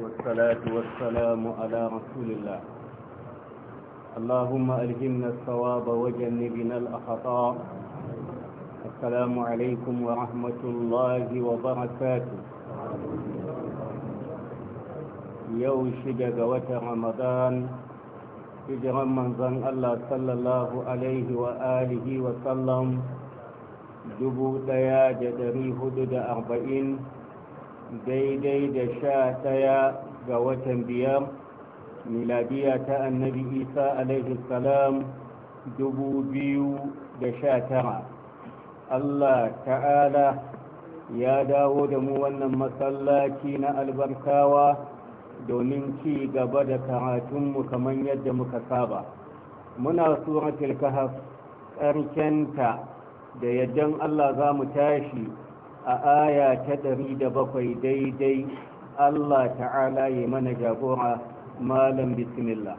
والصلاة والسلام على رسول الله اللهم ألهمنا الصواب وجنبنا الأخطاء السلام عليكم ورحمة الله وبركاته يوشد قوة رمضان hijiran manzan Allah sallallahu Alaihi wa alihi wa sallam dubu ɗaya da dari hudu da arba'in daidai da sha ɗaya ga watan biyar miladiya ta annabi isa alaihi salam dubu biyu da sha tara allah ta'ala ya dawo da mu wannan masallaci na albarkawa domin ci gaba da karatunmu kamar yadda muka saba muna suratul kahf karkenta da yaddan allah za mu tashi a aya ta ɗari da bakwai daidai Allah ta'ala yi mana jagora malam bismillah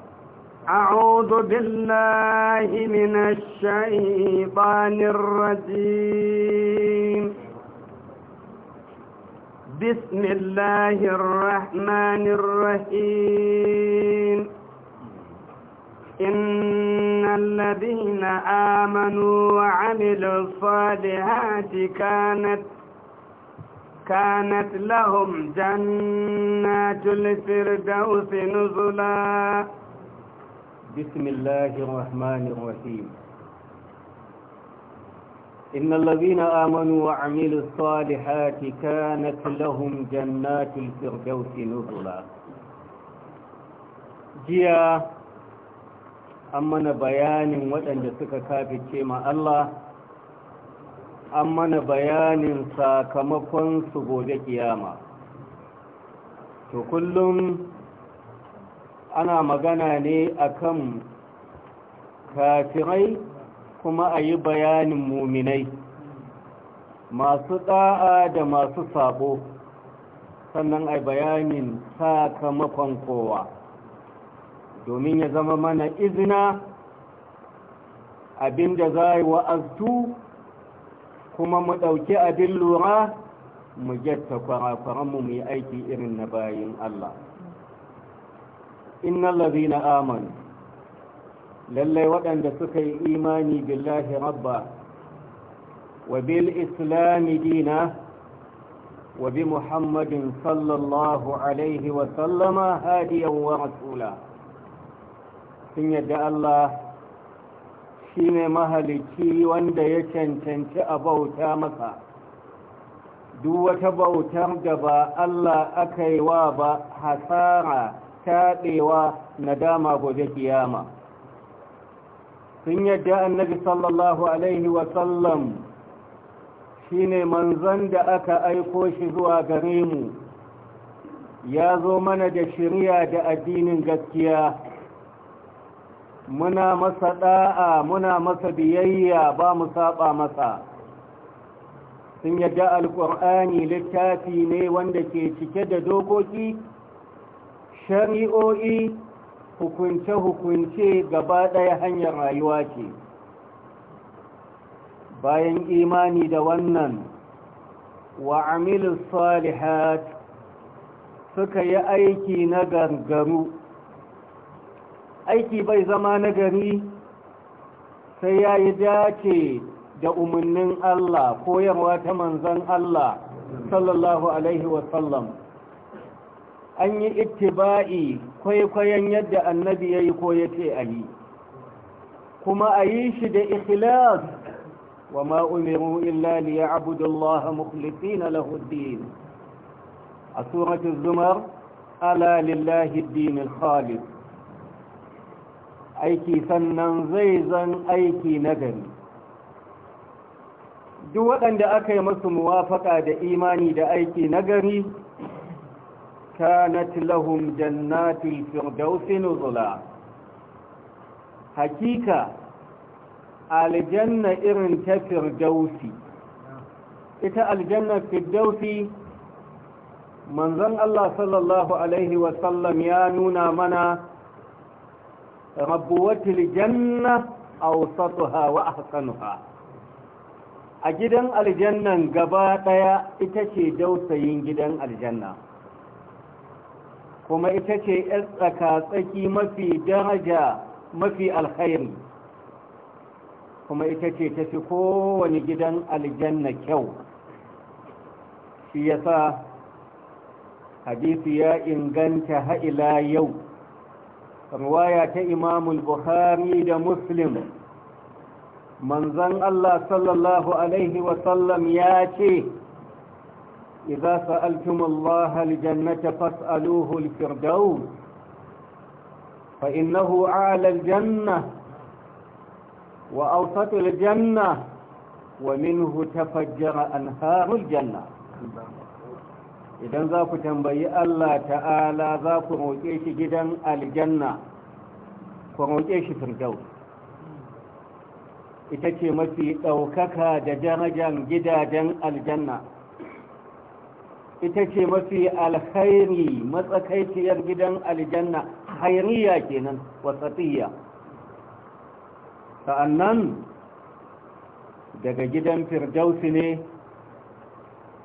أعوذ بالله من الشيطان الرجيم بسم الله الرحمن الرحيم إن الذين آمنوا وعملوا الصالحات كانت كانت لهم جنات الفردوس نزلا بسم الله الرحمن الرحيم إن الذين آمنوا وعملوا الصالحات كانت لهم جنات الفردوس نزلا جيا أمنا بيان وأن جسك كافي كما الله an mana bayanin sakamakon su gobe kiyama to kullum ana magana ne akan kafirai kuma a yi bayanin muminai masu ɗa'a da masu sabo sannan a bayanin sakamakon kowa domin ya zama mana izina abinda za yi wa'aztu kuma mu ɗauki abin lura mu jatta kwarafaranmu mu yi aiki irin na bayin Allah inna lazina amanu lallai waɗanda suka yi imani billahi rabba wa bil islami dina wa bi muhammadin sallallahu alaihi wa sallama hadiyan wa rasula sun yadda Allah Shi ne mahalicci wanda ya cancanci a bauta masa duk wata bautar da ba Allah aka yi wa ba hasara taɗewa dama gobe kiyama sun yadda annabi sallallahu alaihi wasallam shi ne manzan da aka aiko shi zuwa gare mu ya zo mana da shirya da addinin gaskiya muna masa da'a muna masa biyayya ba mu saba masa sun yadda alƙur'ani littafi ne wanda ke cike da dokoki shari'o'i hukunce-hukunce gaba ɗaya hanyar rayuwa ce bayan imani da wannan wa amilu salihat suka yi aiki na gangaru aiki bai zama nagari sai ya yi dace da umarnin Allah koyarwa ta manzan Allah sallallahu alaihi wasallam an yi ittiba'i kwaikwayon yadda annabi ya yi koyace a yi kuma a yi shi da ikhlas wa ma'umiru illa liya abudullaha mukhlisina lahuddin a suratun zumar ala lillahi dinil aiki sannan zai zan aiki na gari duk waɗanda aka yi masu muwafaka da imani da aiki na gari kanat lahum jannatul firdausi nuzula hakika aljanna irin ta firdausi ita aljanna firdausi manzon Allah sallallahu alaihi wasallam ya nuna mana rabuwatul janna awsatuha wa ahsanuha a gidan aljannan gaba daya ita ce dausayin gidan aljanna kuma ita ce yar tsaka-tsaki mafi daraja mafi alkhairi kuma ita ce ta fi kowane gidan aljanna kyau shi yasa hadisi ya inganta ha'ila yau riwaya ta imamul bukhari da muslim manzan Allah sallallahu alaihi sallam ya ce idza sa'altum Allah aljannata fas'aluhu alfirdaus fa innahu 'ala janna wa awsatu janna wa minhu tafajjara anharu janna. idan za ku tambayi Allah ta'ala za ku roƙe shi gidan aljanna ku roƙe shi firdau ita ce mafi ɗaukaka da darajan gidajen aljanna ita ce mafi alkhairi matsakaiciyar gidan aljanna hairiya kenan wasatiyya sa'annan daga gidan firdausi ne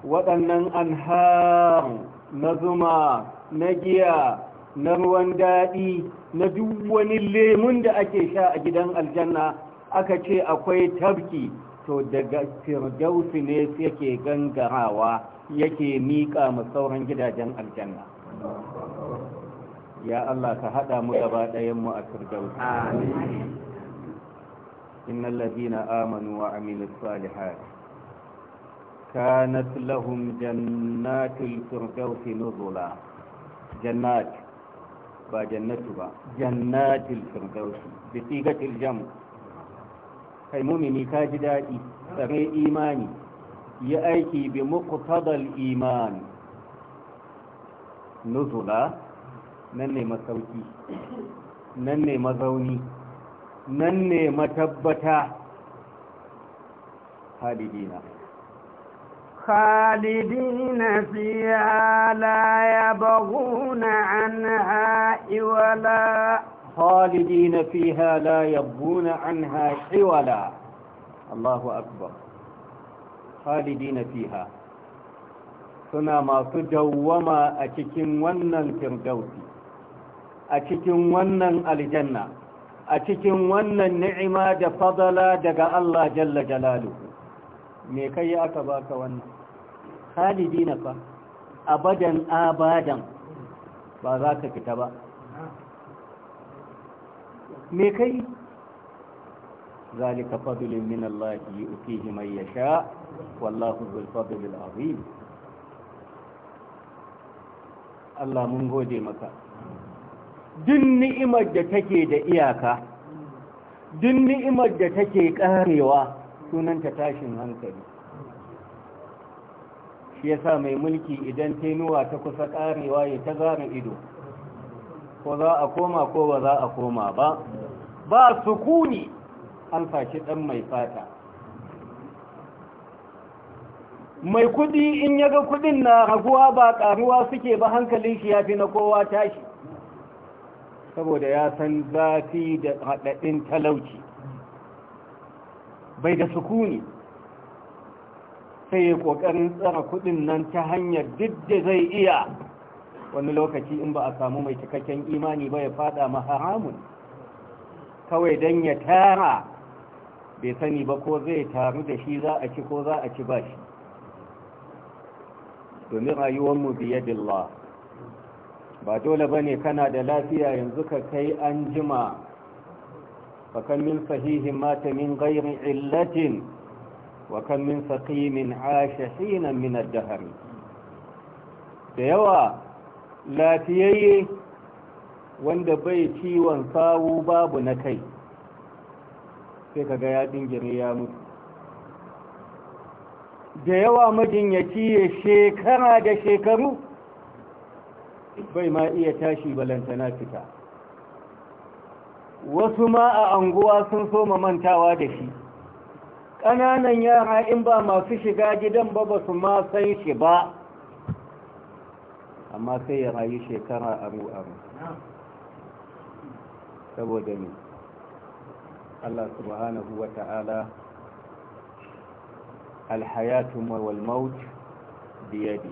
waɗannan anharu na zuma na giya na ruwan daɗi na duk wani lemun da ake sha a gidan aljanna aka ce akwai tabki to daga firdausi ne yake gangarawa yake miƙa masauran gidajen aljanna ya Allah ka haɗa mu gaba mu a firdausi innal ladina amanu wa amilus salihati كانت لهم جنات الفردوس نزلا جنات با جنتها جنات الفردوس بصيغة الجمع kai mumini ka ji daɗi tsare imani yi aiki bi muqtadal iman nuzula nan ne masauki nan ne mazauni nan ne خالدين فيها لا يبغون عنها إولا خالدين فيها لا يبغون عنها حولا الله أكبر خالدين فيها suna masu dawwama a cikin wannan firdausi a cikin wannan aljanna a cikin wannan ni'ima da fadala daga Allah jalla jalaluhu me kai aka baka wannan khalidina fa abadan abadan ba za ka fita ba me kai zalika fadlun min Allah يؤتيه man yasha wallahu ذو fadli العظيم Allah mun gode maka duk ni'imar da take da iyaka duk ni'imar da take karewa sunanta tashin hankali shi yasa mai mulki idan tenuwa ta kusa karewa ya ta zara ido ko za a koma ko ba za a koma ba ba kuni an fashi dan mai fata mai kudi in yaga kudin na raguwa ba karuwa suke ba hankalin shi ya fi na kowa tashi saboda ya san zafi da haɗaɗin talauci bai da sukuni sai ya kokarin tsara kudin nan ta hanyar duk da zai iya wani lokaci in ba a samu mai cikakken imani ba ya fada maharamun kawai don ya tara bai sani ba ko zai taru da shi za a ci ko za a ci ba shi domin rayuwarmu dillah ba dole ba ne kana da lafiya yanzu ka kai an jima فكم من فهيه مات من غير علة وكم من سقيم عاش حينا من الدهر ديوا لا تيي wanda bai ciwon sawu babu na kai sai ga ya dingire ya mutu da yawa majinyaci ya shekara da shekaru bai ma iya tashi balantana fita wasu ma a anguwa sun soma mantawa da shi ƙananan yara in ba masu shiga gidan ba ba su ma san shi ba amma sai ya rayu shekara aru-aru saboda ne Allah subhanahu wa ta'ala alhayatu wal maut biyadi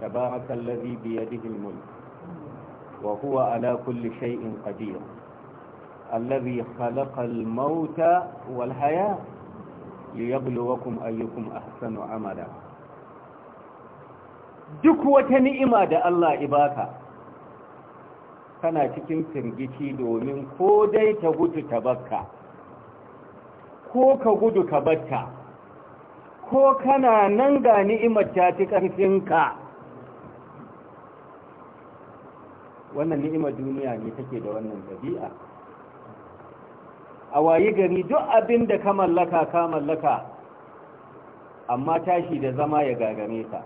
tabarakallazi biyadihi al wa huwa ala kulli shay'in qadir الذي خلق الموت والحياة ليبلوكم أيكم أحسن عملا duk wata ni'ima da Allah ibaka kana cikin firgici domin ko dai ta gudu ta bakka ko ka gudu ka batta ko kana nan ga ni'imar ta ci ƙarfinka wannan ni'imar duniya ne take da wannan ɗabi'a a wayi gari duk abin da ka mallaka ka mallaka amma tashi da zama ya gagame ka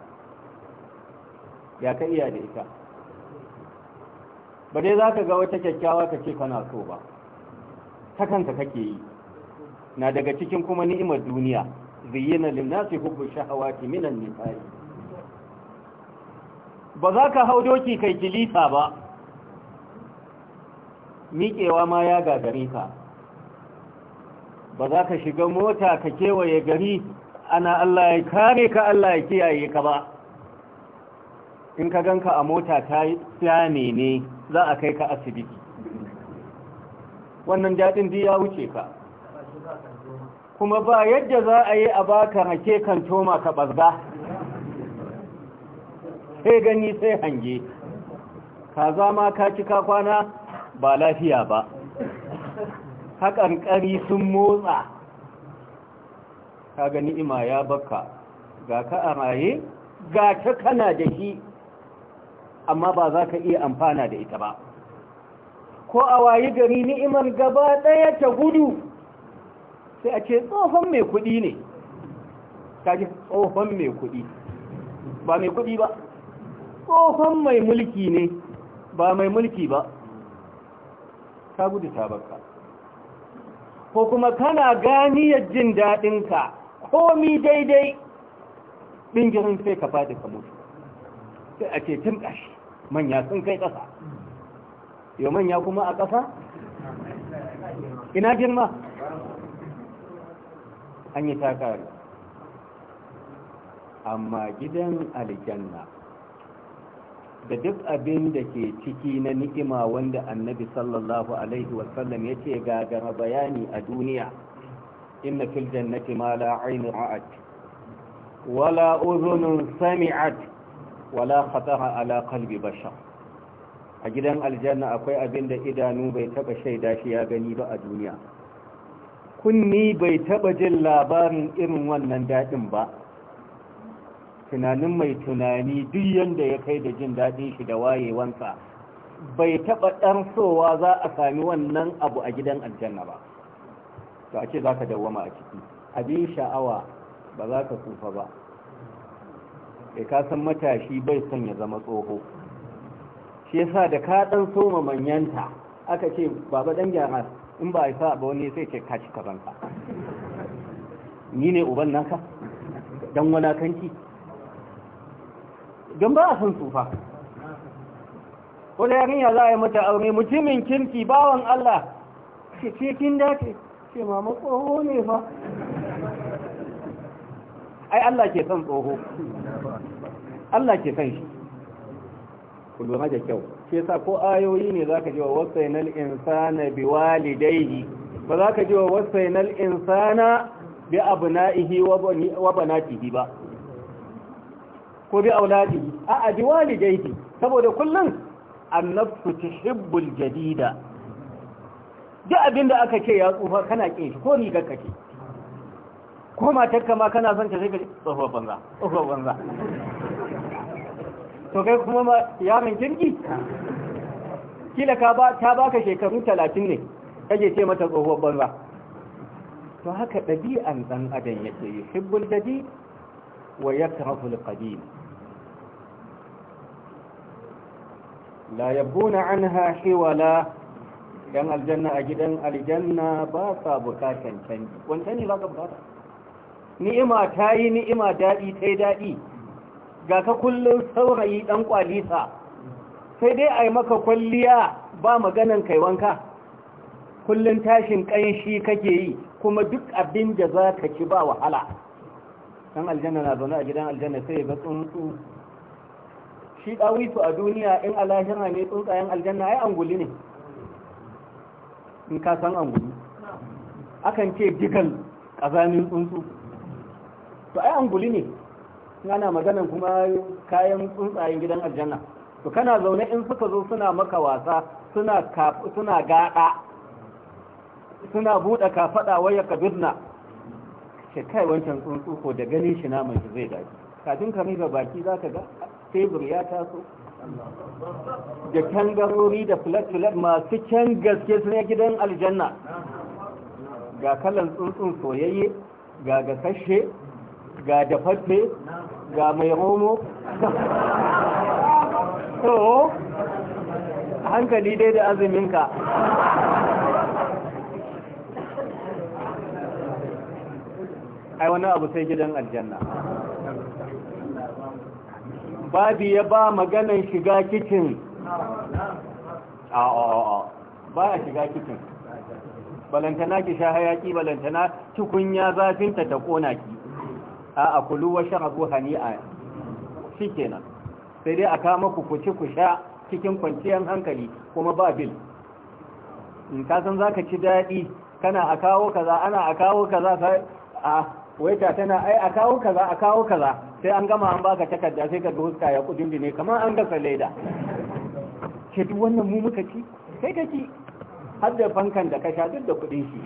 ya ka iya da ita ba dai za ka ga wata kyakkyawa ka ce kana so ba ta kanka kake yi na daga cikin kuma ni'imar duniya zayyana linnasi hubbu shahawati minan nisa'i ba za ka hau doki kai kilita ba miƙewa ma ya gagare ka ba za ka shiga mota ka kewaye gari ana Allah ya kare ka Allah ya kiyaye ka ba in ka ganka a mota ta tsane ne za a kai ka asibiti wannan daɗin ji ya wuce ka kuma ba yadda za a yi a baka hake kan toma ka sai gani sai hange ka zama ka cika kwana ba lafiya ba ƙari sun motsa ka ga ni'ima ya baka ga ka a raye ga ta kana da shi amma ba za ka iya amfana da ita ba ko a wayi gari ni'imar gaba ɗaya ta gudu sai a ce tsohon mai kuɗi ne kaji tsohon mai kuɗi ba mai kuɗi ba tsohon mai mulki ne ba mai mulki ba ta gudu ta baka ko kuma kana ganiyar jin daɗinka komi daidai ɗingirin sai ka faɗi ka mutu sai a ce tun ƙashi manya sun kai ƙasa yau manya kuma a ƙasa ina girma an yi takari amma gidan aljanna da duk abin da ke ciki na ni'ima wanda annabi sallallahu alaihi wasallam ya ce gagara bayani a duniya inna fil jannati ma la ainu ra'at wala uzunun sami'at wala khatara ala qalbi bashar a gidan aljanna akwai abin da idanu bai taba shaida shi ya gani ba a duniya kunni bai taba jin labarin irin wannan dadin ba tunanin mai tunani duk yanda ya kai da jin daɗin shi da wayewansa bai taɓa sowa za a sami wannan abu a gidan aljanna ba to a ce za ka dawwama a ciki abin sha'awa ba za ka kufa ba da ka san matashi bai son ya zama tsoho shi yasa da ka ɗan soma manyanta aka ce baba ɗan gyara in ba a sa ba wani sai ce ka ci ni ne uban naka dan wani kanki don ba a sun tsufa wani yarinya za a yi mata aure mutumin kirki bawan Allah ke ce kin dace ce mama tsoho ne fa ai Allah ke son tsoho Allah ke son shi ku lura da kyau ke sa ko ayoyi ne za ka ji wa wasu wasainal insana bi walidaihi ba za ka ji wa wasu wasainal insana bi ihi wa na ba ko bi auladihi a abi walidayhi saboda kullun annafsu tuhibbul jadida duk abinda aka ce ya tsufa kana ƙin shi ko rigar kake ko matar kama kana son ka sai ka tsofa banza tsofa banza to kai kuma ma yaron kirki kila ka ba ta baka shekaru 30 ne kaje ce mata tsofa banza to haka ɗabi'an ɗan adam yake yuhibbul jadid wa yakrahu al-qadim la yabuna anha hiwala yan aljanna a gidan aljanna ba sa bukatan canji wanda ne ba ka bukata ni'ima ta yi ni'ima daɗi ta yi daɗi ga ka kullum saurayi ɗan kwalisa sai dai a yi maka kwalliya ba maganan kai wanka kullum tashin ƙanshi kake yi kuma duk abin da za ka ci ba wahala ɗan aljanna na zaune a gidan aljanna sai ya ga tsuntsu shi ɗawisu a duniya in alahira ne tsuntsayen aljanna ai anguli ne in ka san anguli akan ce jikan ƙazanin tsuntsu to ai anguli ne ana maganan kuma kayan tsuntsayen gidan aljanna to kana zaune in suka zo suna maka wasa suna suna gada suna buɗe kafaɗa waya ka shi kai wancan tsuntsu ko da ganin shi naman shi zai daji kafin ka riga baki za ka ga tebur ya taso da kangarori da flat-flat masu can gaske sun ya gidan aljanna ga kalan tsuntsun soyayye ga gasashe ga dafaffe ga mai romo so hankali dai da azuminka ai wani abu sai gidan aljanna babu ya ba maganan shiga kicin A'a, ba a shiga kicin balantana ki sha hayaki balantana tukunya zafinta ta kona ki a akulu wa sha'abu hani'a shikenan sai dai a kama ku kuci ku sha cikin kwanciyar hankali kuma ba bil in ka san zaka ci dadi kana a kawo kaza ana a kawo kaza a waita tana ai a kawo kaza a kawo kaza sai an gama an baka takarda sai ka ga ya kudin ne kamar an gasa leda ke duk wannan mu muka ci sai ka ci har da fankan da ka sha duk da kudin shi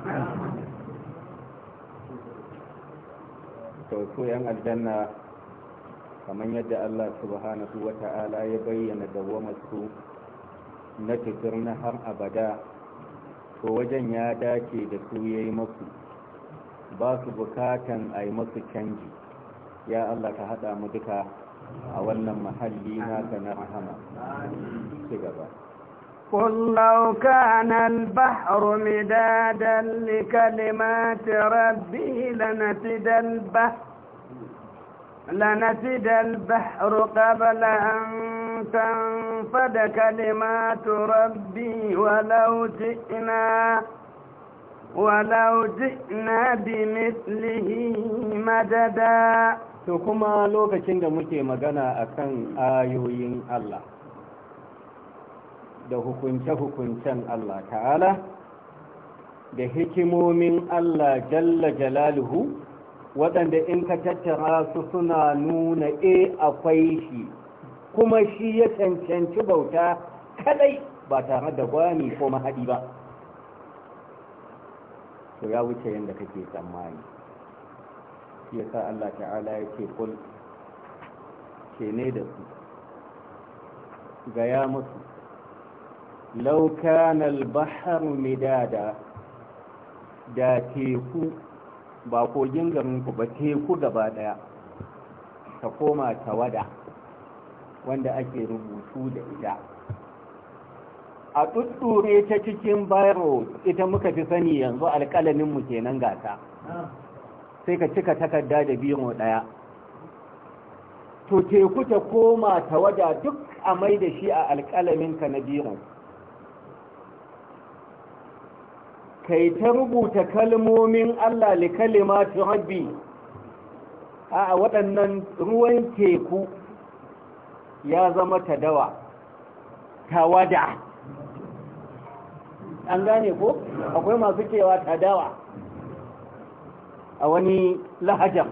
to su yan aljanna kamar yadda Allah subhanahu wa ta'ala ya bayyana dawamar su na titir na har abada to wajen ya dace da su yayi maku. ba su bukatan a yi masu canji ya Allah ka haɗa mu duka a wannan mahalli naka na rahama ci gaba قل لو كان البحر مدادا لكلمات ربي لنفد البحر لنفد البحر قبل أن تنفد كلمات ربي ولو ولو جئنا بمثله مددا to kuma lokacin da muke magana a kan ayoyin Allah da hukunce-hukuncen Allah ta'ala da hikimomin Allah jalla jalaluhu waɗanda in ka tattara su suna nuna e akwai shi kuma shi ya cancanci bauta kadai ba tare da gwani ko mahadi ba to ya wuce yadda kake tsammani shi yasa Allah ta'ala ya ce kul ke ne da su gaya musu lau kana midada da teku ba kogin garinku ba teku gaba daya ta koma tawada wanda ake rubutu da ita a ɗuɗɗure ta cikin bayro ita muka fi sani yanzu alƙalaminmu kenan gata sai ka cika takarda da biro ɗaya to teku ta koma ta waja duk a mai da shi a alƙalaminka na biro kai ta rubuta kalmomin Allah li kalimati rabbi a waɗannan ruwan teku ya zama ta dawa tawada an gane ko akwai masu cewa tadawa a wani lahajan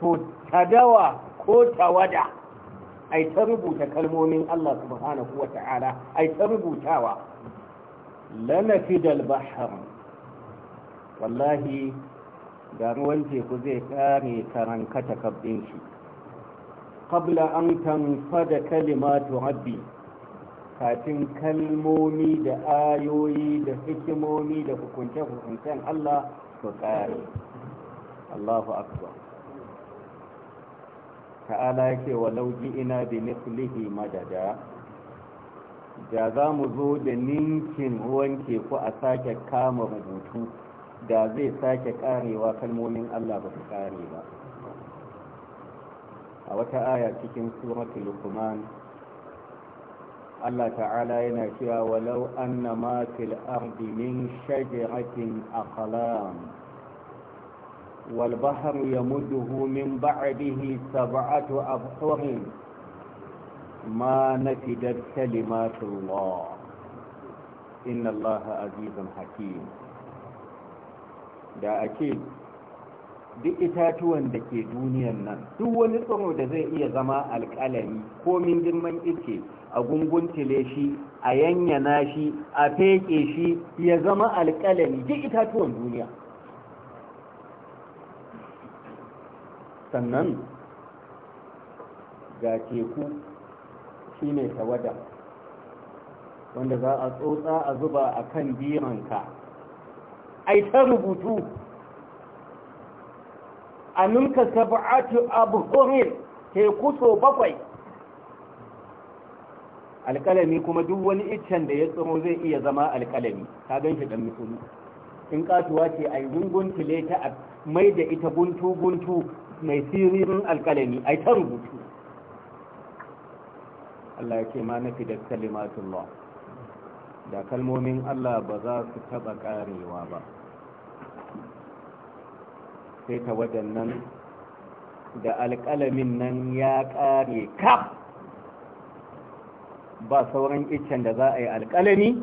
to tadawa ko tawada ai ta rubuta kalmomin Allah subhanahu wa ai ta rubutawa lanafidal bahar wallahi da ruwan teku zai kare karankata kabdin shi qabla an tanfada kalimatu rabbi kafin kalmomi da ayoyi da hikimomi da hukunce-hukuncen Allah su ƙare Allahu akbar ta'ala yake lauji ina bi mislihi madada da za mu zo da ninkin ruwan teku a sake kama rubutu da zai sake karewa kalmomin Allah ba su kare ba a wata aya cikin suratul luqman Allah ta'ala yana cewa walau anna ma fil ardi min shajaratin aqlam wal bahru yamudduhu min ba'dihi sab'atu abhur ma nafidat kalimatullah inna Allah azizun hakim da ake duk itatuwan da ke duniyan nan duk wani tsoro da zai iya zama alƙalami ko min girman ice a gunguntile shi a yanyana shi a feke shi ya zama alƙalami duk itatuwan duniya sannan ga teku shi ne tawada wanda za a tsotsa a zuba a kan biranka ai ta rubutu a ninka saba'atu abu teku so bakwai alƙalami kuma duk wani iccen da ya tsiro zai iya zama alƙalami ka gan shi dan mutum in katuwa ce a yi tile ta a mai da ita guntu-guntu mai siririn alƙalami a ta rubutu Allah ya ce ma na fidar kalimatullah da kalmomin Allah ba za su taɓa ƙarewa ba sai ta waɗannan da alƙalamin nan ya ƙare kaf ba sauran iccen da za a yi alƙalami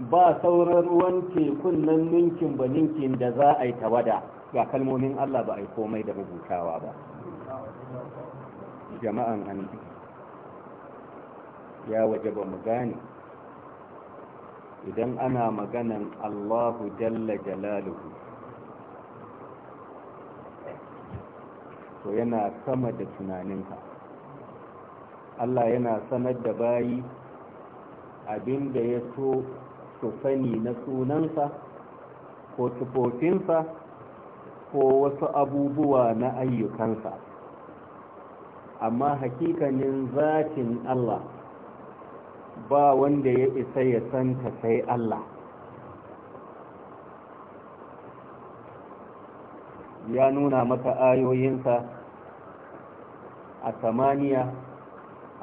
ba sauran ruwan tekun nan ninkin ba ninkin da za a yi tawada ga kalmomin Allah ba a yi komai da rubutawa ba jama'an an ya waje ba mu gane idan ana maganan Allahu jalla jalaluhu to yana sama da tunaninka Allah yana sanar da bayi abin da ya so su sani na sunansa ko tufofinsa ko wasu abubuwa na ayyukansa amma hakikanin zatin Allah ba wanda ya isa ya santa sai Allah ya nuna mata ayoyinsa a samaniya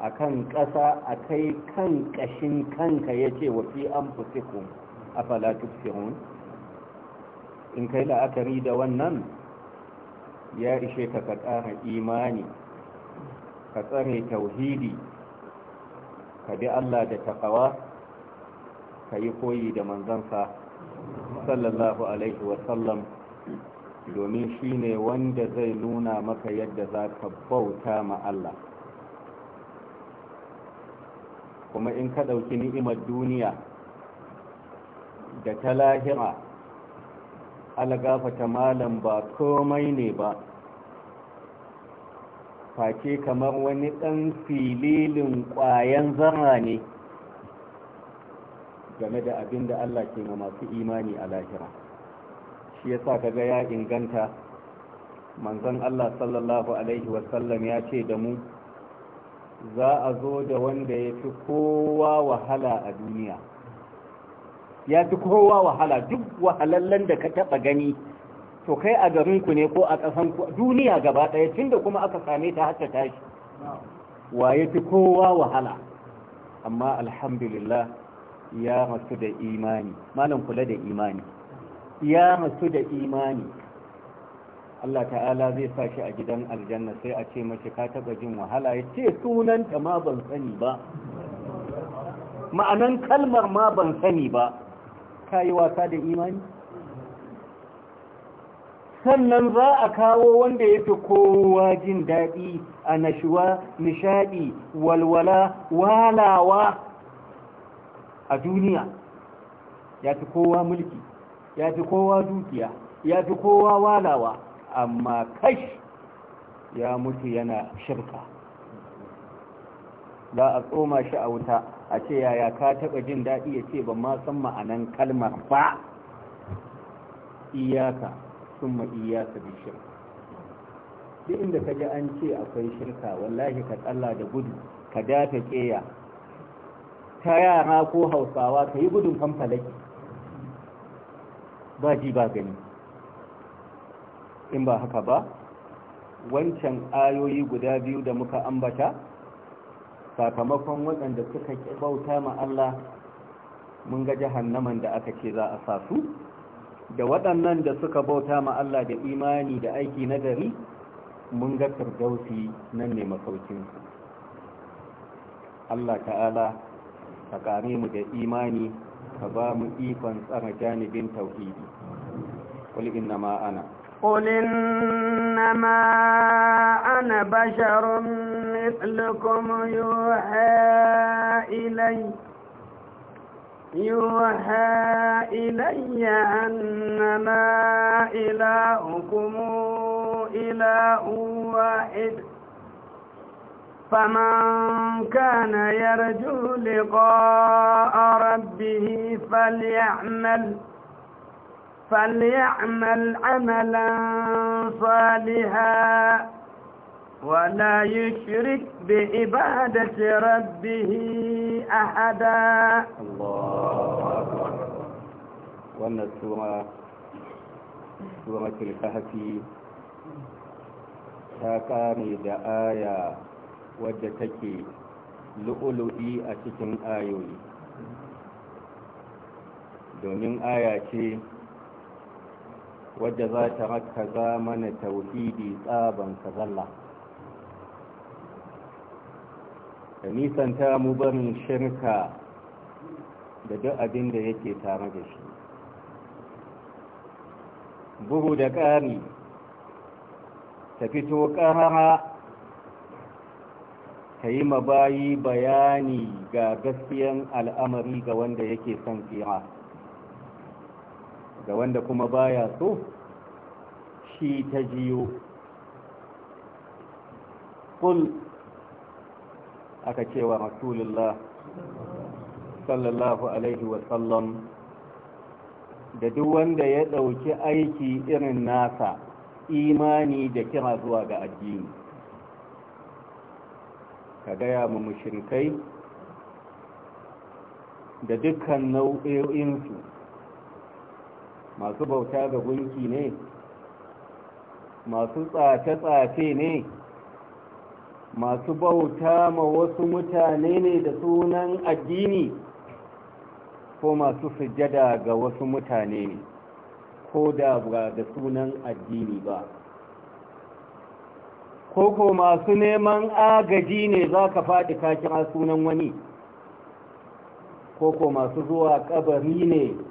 a kan ƙasa a kai kan ƙashin kanka ya ce wa fi an fusikun a falatukfihun in kai la'akari da wannan ya ishe ka ka ƙara imani ka tsare tauhidi ka bi Allah da takawa ka yi koyi da manzansa sallallahu alaihi wasallam domin shi ne wanda zai nuna maka yadda za ka bauta ma Allah kuma in ka ɗauki ni'imar duniya da ta lahira algafata malam ba komai ne ba face kamar wani ɗan fililin ƙwayan zara ne game da abin da Allah ke ma masu imani a lahira shi ya sa kaga ya inganta manzon Allah sallallahu Alaihi wasallam ya ce da mu za a zo da wanda ya fi kowa wahala a duniya ya fi kowa wahala duk wahalallen da ka taɓa gani to kai a garinku ne ko a ku. duniya gaba ɗaya tun kuma aka same ta haka tashi wa ya fi kowa wahala amma alhamdulillah ya masu da imani malam kula da imani ya masu da imani Allah ta'ala zai sa shi a gidan aljanna sai a ce mace ka taba jin wahala ya ce sunanta ma ban sani ba ma'anan kalmar ma ban sani ba ka yi wasa da imani sannan za a kawo wanda ya fi kowa jin daɗi a nashuwa nishaɗi walwala walawa a duniya ya fi kowa mulki ya fi kowa dukiya ya fi kowa walawa amma kash ya mutu yana shirka za a tsoma shi a wuta a ce yaya ka taba jin daɗi ya ce ban ma san ma'anan kalmar ba iyaka sun ma iyaka bi shirka duk inda ka ji an ce akwai shirka wallahi ka tsalla da gudu ka dafe keya ta yara ko hausawa ka yi gudun kamfalaki ba ji ba gani in ba haka ba wancan ayoyi guda biyu da muka ambata sakamakon waɗanda suka bauta ma Allah mun ga jahannaman da aka ce za a sa su da waɗannan da suka bauta ma Allah da imani da aiki nagari mun ga firdausi nan ne su Allah ta'ala ka kare mu da imani ka ba mu ikon tsara janibin tauhidi kul inna ana قل إنما أنا بشر مثلكم يوحى إلي يوحى إلي أنما إلهكم إله واحد فمن كان يرجو لقاء ربه فليعمل فليعمل عملا صالحا ولا يشرك بعبادة ربه أحدا الله أكبر وأن سورة سورة الكهف تاكاني دعايا ودتكي lu'ulu'i a cikin ayoyi domin aya ce wadda za ta rakaza mana tauhidi tsaban kazalla da nisanta mu barin shirka da duk abin da yake tare da shi bugu da ƙari ta fito ƙarara ta yi mabayi bayani ga gaskiyan al'amari ga wanda yake son tsira ga wanda kuma baya so shi ta jiyo kul aka cewa rasulullah sallallahu alaihi wasallam da duk wanda ya ɗauki aiki irin nasa imani da kira zuwa ga addini ka gaya mu mushrikai da dukkan nau'o'insu masu bauta ga gunki ne masu tsace-tsace ne masu bauta ma wasu mutane ne da sunan addini ko masu sujjada ga wasu mutane ne ko da ba da sunan addini ba koko masu neman agaji ne za ka faɗi kakin sunan wani koko masu zuwa ƙabari ne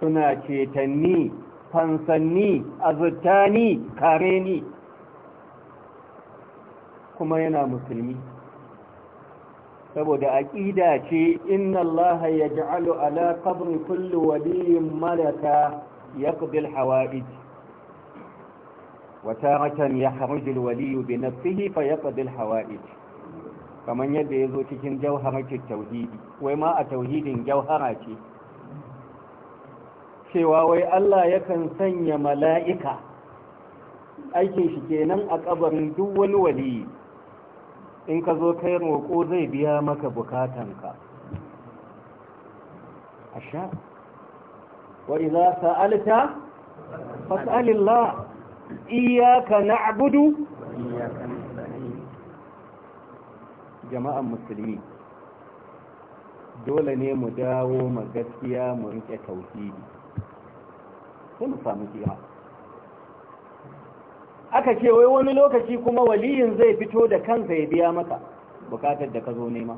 suna cetanni fansanni azurtani kareni kuma yana musulmi saboda aƙida ce inna Allah ya ja'alu ala qabri kulli waliyin malaka yaqdi al-hawa'ij wata ratan ya al-waliy bi nafsihi fa yaqdi al-hawa'ij Kamar yadda yazo cikin jawharat tauhidi wai ma a tauhidin jawhara ce cewa wai Allah yakan sanya mala'ika aikin shi kenan a ƙabarin duk wani waliyi in ka zo kai roƙo zai biya maka bukatanka a sha wa iza sa'alta fas'alillah iyaka na'budu jama'an musulmi dole ne mu dawo ma gaskiya mu riƙe tauhidi sai mu samu kira aka ce wai wani lokaci kuma waliyin zai fito da kansa ya biya maka bukatar da ka zo nema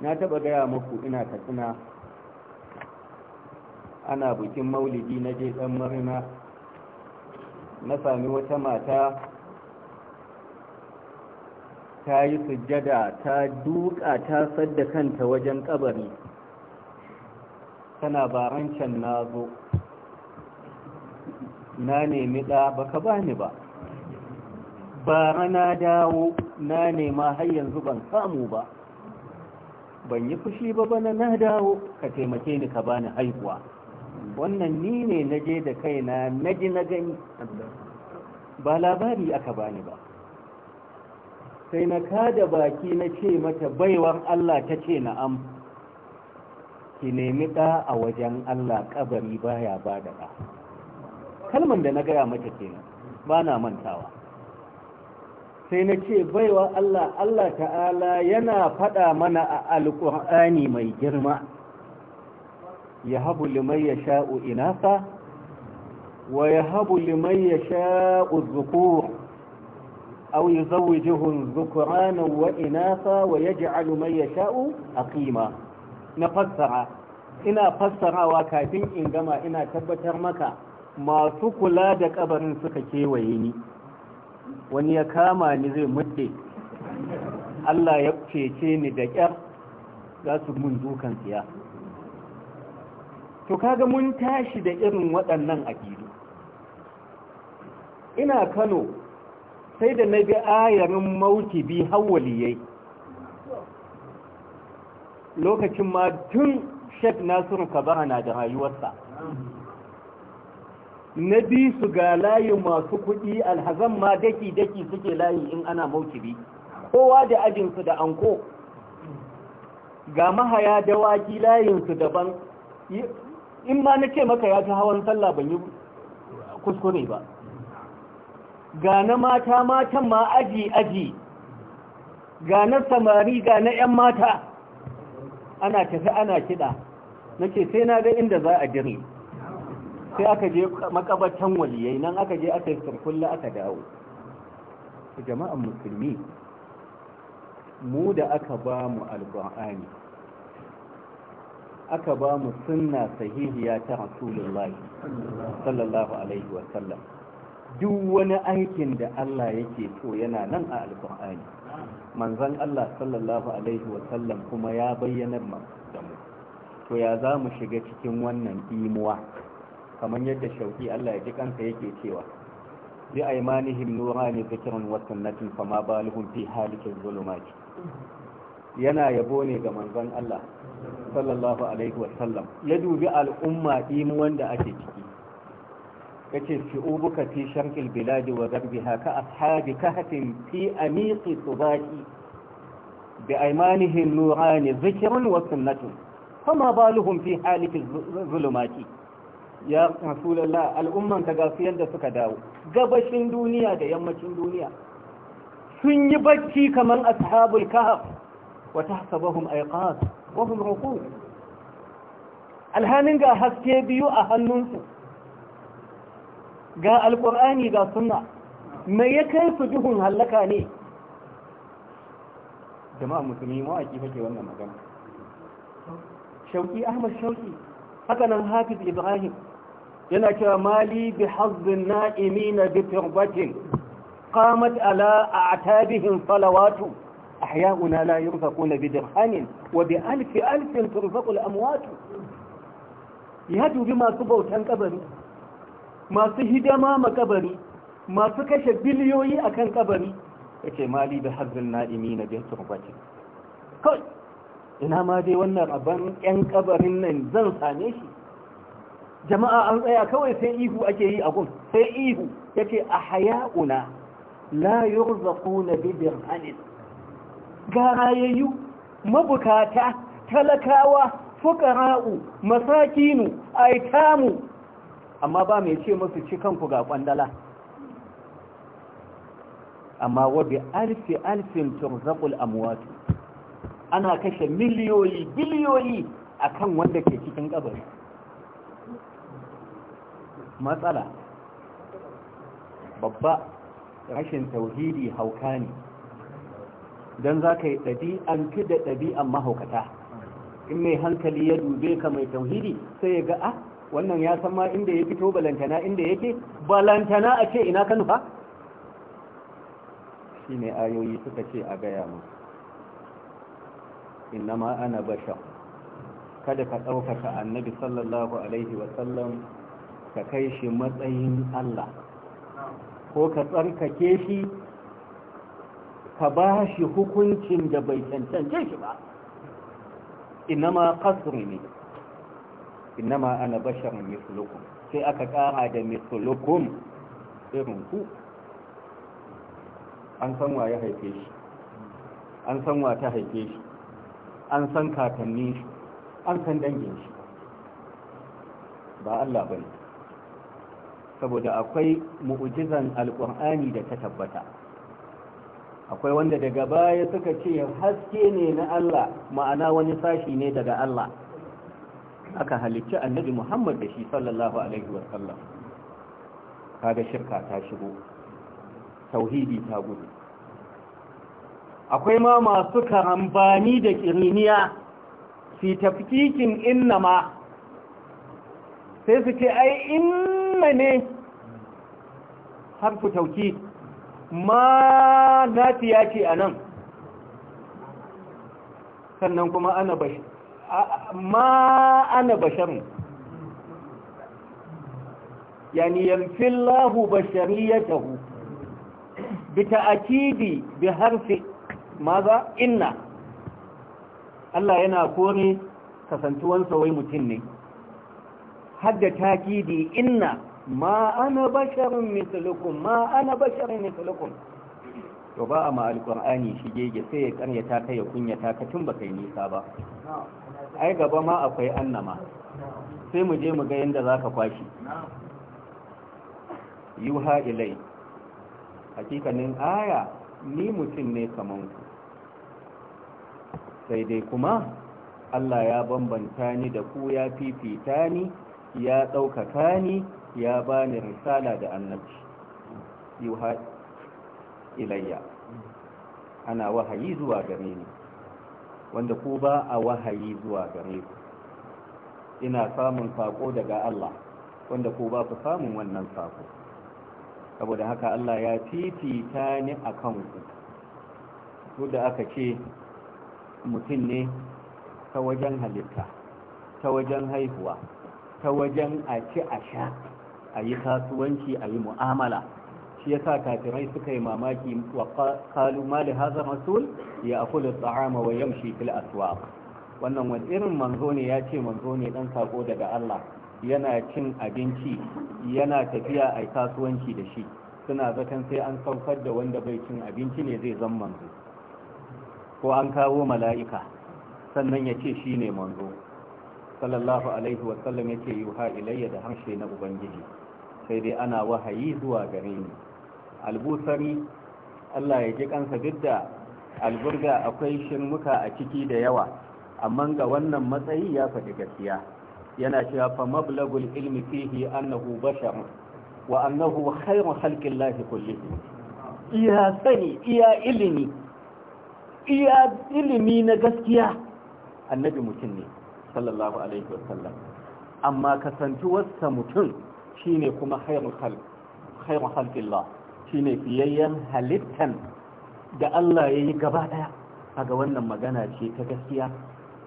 na taba gaya maku ina katsina ana bikin maulidi na je ɗan marina na sami wata mata ta yi sujjada ta duka ta sadda kanta wajen ƙabari. tana barancan nazo na nemi ɗa baka bani ba bara na dawo na nema har yanzu ban samu ba ban yi fushi ba bana na dawo ka taimake ni ka bani haihuwa wannan ni ne na je da kaina na ji na gani ba labari aka bani ba sai na kada baki na ce mata baiwar Allah ta ce na'am ki nemi ɗa a wajen Allah kabari baya ba da ɗa kalman da na gaya mata kenan ba na mantawa sai na ce baiwa Allah Allah ta'ala yana faɗa mana a alƙur'ani mai girma ya habu liman ya sha'u inasa wa ya habu liman ya sha'u zukur au yi zaujihun zukuranan wa inasa wa ya ji alumai ya sha'u a kima na fassara ina fassarawa kafin in gama ina tabbatar maka masu kula da kabarin suka kewaye ni wani ya kama ni zai mutte Allah ya cece ni da ƙyar za su mun dukan siya to kaga mun tashi da irin waɗannan aƙidu ina kano sai da na bi ayarin mauti bi hawaliyai lokacin ma tun shek nasiru kabara na da rayuwarsa na bi su ga layin masu kuɗi alhazan ma daki-daki suke layin in ana maukibi kowa da ajinsu da anko ga mahaya da waki layinsu daban in ma na ce maka ya ci hawan sallah ban yi kuskure ba ga na mata matan ma aji-aji ga na samari ga na 'yan mata ana tafi ana kiɗa na ce sai na ga inda za a jiri sai aka je makabatan waliyai nan aka je aka yi sarkulla aka dawo jama'an musulmi mu da aka ba mu alƙur'ani aka ba mu sunna sahihiya ta rasulullahi sallallahu alaihi wasallam duk wani aikin da Allah yake so yana nan a alƙur'ani manzon Allah sallallahu alaihi wasallam kuma ya bayyana da mu to ya za mu shiga cikin wannan imuwa kamar yadda shauki Allah ya ji kanka yake cewa bi aymanihim nurani zikrun wa sunnatin fama baluhum fi halikil zulumat yana yabo ne ga manzon Allah sallallahu alaihi wa sallam ya dubi al'umma din wanda ake ciki yace shu'ubuka fi sharqil bilad wa garbiha ka ashabi kahfin fi amiqi subaki bi aymanihim nurani zikrun wa sunnatun fama baluhum fi halikil zulumati ya rasulullah al'umman ka ga su yadda suka dawo gabashin duniya da yammacin duniya sun yi bacci kamar ashabul kahf wa tahsabuhum ayqaz wa hum ruqud alhanin ga haske biyu a hannunsu ga alqur'ani ga sunna me ya kai su duhun halaka ne jama'a musulmi mawaki fake wannan magana shauki ahmad shauki haka nan hafiz ibrahim yana cewa mali bi hazzin na bi firbatin qamat ala a'tabihim salawatu ahya'una la na bi dirhamin wa bi alfi alfi alfin turzaqul amwat ya dubi masu bautan kabari masu hidama ma kabari masu kashe biliyoyi akan kabari yace mali bi hazzin na bi firbatin kai ina ma dai wannan rabon yan kabarin nan zan same shi jama'a an tsaya kawai sai ihu ake yi a gun sai ihu yake a haya'una la yurzaquna bi dirhamin ga mabukata talakawa fukara'u masakinu aitamu amma ba mai ce musu ci kanku ga kwandala amma wabi alfi alfin turzaqul amwat ana kashe miliyoyi biliyoyi akan wanda ke cikin kabari matsala babba rashin tauhidi hauka ne don za ka yi ɗabi'anki da ɗabi'an mahaukata in mai hankali ya dube ka mai tauhidi sai ya ga a ah, wannan ya san ma inda ya fito balantana inda yake balantana a ce ina ka nufa shi ne ayoyi suka ce a gaya mu inna ma ana bashar kada ka ɗaukata annabi sallallahu alaihi wasallam ka kai shi matsayin Allah ko ka tsarkake shi ka ba shi hukuncin da bai cancance shi ba inama kasri ne inama ana bashar mislukum sai aka kara da mislukum irin ku an san wa ya haife shi an san wa ta haife shi an san kakanni shi an san dangin shi ba Allah bane saboda akwai mu'ujizan alƙur'ani da ta tabbata akwai wanda daga baya suka ce haske ne na Allah ma'ana wani sashi ne daga Allah aka halicci annabi Muhammad da shi sallallahu alaihi wasallam kaga shirka ta shigo tauhidi ta gudu akwai ma masu karambani da kiriniya fi tafkikin ma sai su ce ai inna ne harfu tauki ma nafiya ce a nan sannan kuma ana bashar ma ana basharun yani yamfin bashariyatahu bi ta'akidi bi harfi maza inna Allah yana kore kasantuwansa wai mutum ne hadda takidi inna ma ana basharin mislukum ma ana basharin mislukum to ba a ma alqur'ani gege sai ya karyata ka ya kunyata ka tun baka nisa ba ai gaba ma akwai annama sai mu je mu ga yanda zaka kwashi ha ilai hakikanin aya ni mutum ne kaman ku sai dai kuma Allah ya bambanta ni da ku ya fifita ni ya ɗaukaka ni ya bani risala da annabci yuha ilayya ana wahayi zuwa gare ni wanda ku ba a wahayi zuwa gare ku ina samun sako daga Allah wanda ku ba ku samun wannan sako saboda haka Allah ya fifita ni akan ku da aka ce mutum ne ta wajen halitta ta wajen haihuwa ta wajen a ci a sha a yi kasuwanci a yi mu'amala shi ya sa kafirai suka yi mamaki wa kalu da haza rasul ya akulu tsarama wa shi fil asuwa wannan wani manzo ne ya ce manzo ne dan sako daga Allah yana cin abinci yana tafiya a kasuwanci da shi suna zaton sai an saukar da wanda bai cin abinci ne zai zan manzo ko an kawo mala'ika sannan ya ce shi ne manzo sallallahu alaihi wasallam ya ce yuha ilayya da harshe na ubangiji sai dai ana wahayi zuwa gare ni albusari Allah ya ji kansa duk da alburga akwai muka a ciki da yawa amma ga wannan matsayi ya faɗi gaskiya yana cewa fa mablagul ilmi fihi annahu bashar wa annahu khairu khalqillahi kullihi iya sani iya ilimi iya ilimi na gaskiya annabi mutum ne sallallahu alaihi wasallam amma kasantuwarsa mutum shine kuma khairul khalq khairul khalqillah shine fiyayyen halittan da Allah ya yi gaba daya kaga wannan magana ce ta gaskiya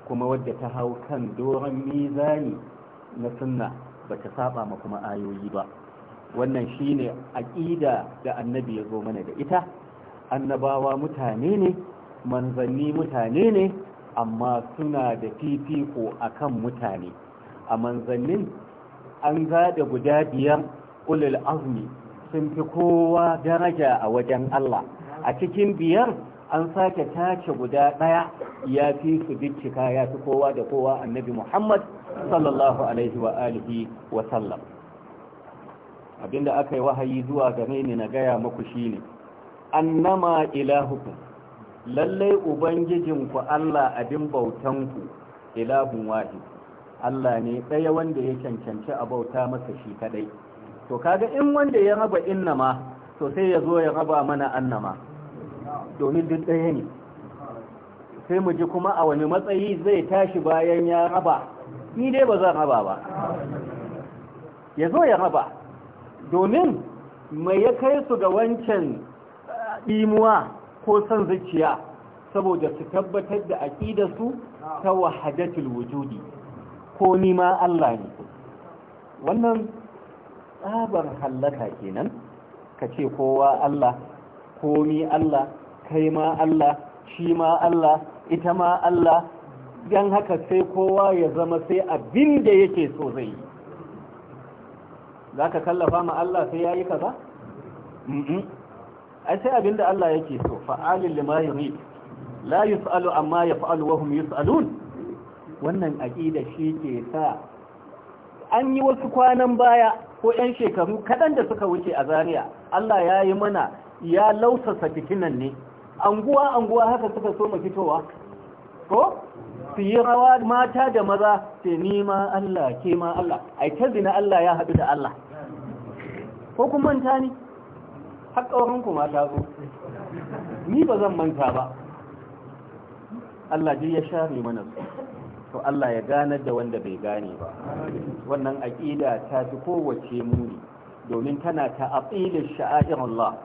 kuma wadda ta hau kan doron mizani na sunna ba ta saba ma kuma ayoyi ba wannan shine aƙida da annabi ya zo mana da ita annabawa mutane ne manzanni mutane ne amma suna da fifiko a kan mutane a manzannin an gada guda biyar ulul azmi sun fi kowa daraja a wajen Allah a cikin biyar an sake tace guda ɗaya ya fi su bincika ya fi kowa da kowa annabi Muhammad sallallahu alaihi wa alihi wa sallam abinda aka yi wahayi zuwa gare ni na gaya muku shine annama ilahukum lallai ubangijinku Allah abin bautanku ilahun wahid Allah ne ɗaya wanda ya cancanci a bauta masa shi kaɗai, to kaga in wanda ya raba innama to sai ya zo ya raba mana annama domin duk ɗaya ne sai mu ji kuma a wani matsayi zai tashi bayan ya raba ni dai ba zan raba ba ya zo ya raba domin mai ya kai su ga wancan ɗimuwa eh, ko son zuciya saboda su tabbatar da aƙidarsu ta wahadatul wujudi ko ni ma Allah ne wannan tsabar hallaka kenan ka ce kowa Allah komi Allah kai ma Allah shi ma Allah ita ma Allah don haka sai kowa ya zama sai abin da yake so zai yi za ka kallafa ma Allah sai ya yi kaza? ai sai abin da Allah yake so fa'alin lima yi la yus'alu amma ya fa'alu wahum yus'alun wannan aƙida shi ke sa an yi wasu kwanan baya ko 'yan shekaru kaɗan da suka wuce a Zariya. Allah ya yi mana ya lausasa fitinan ne anguwa-anguwa haka suka so mu fitowa ko su yi rawa mata da maza ce ni ma Allah ke ma Allah ai ta zina Allah ya haɗu da Allah ko kun manta ni haƙƙaurin ku mata zo ni ba zan manta ba Allah ji ya share mana su to Allah ya gane da wanda bai gane ba wannan aƙida ta fi kowace muni domin tana ta aqida sha'a'ir Allah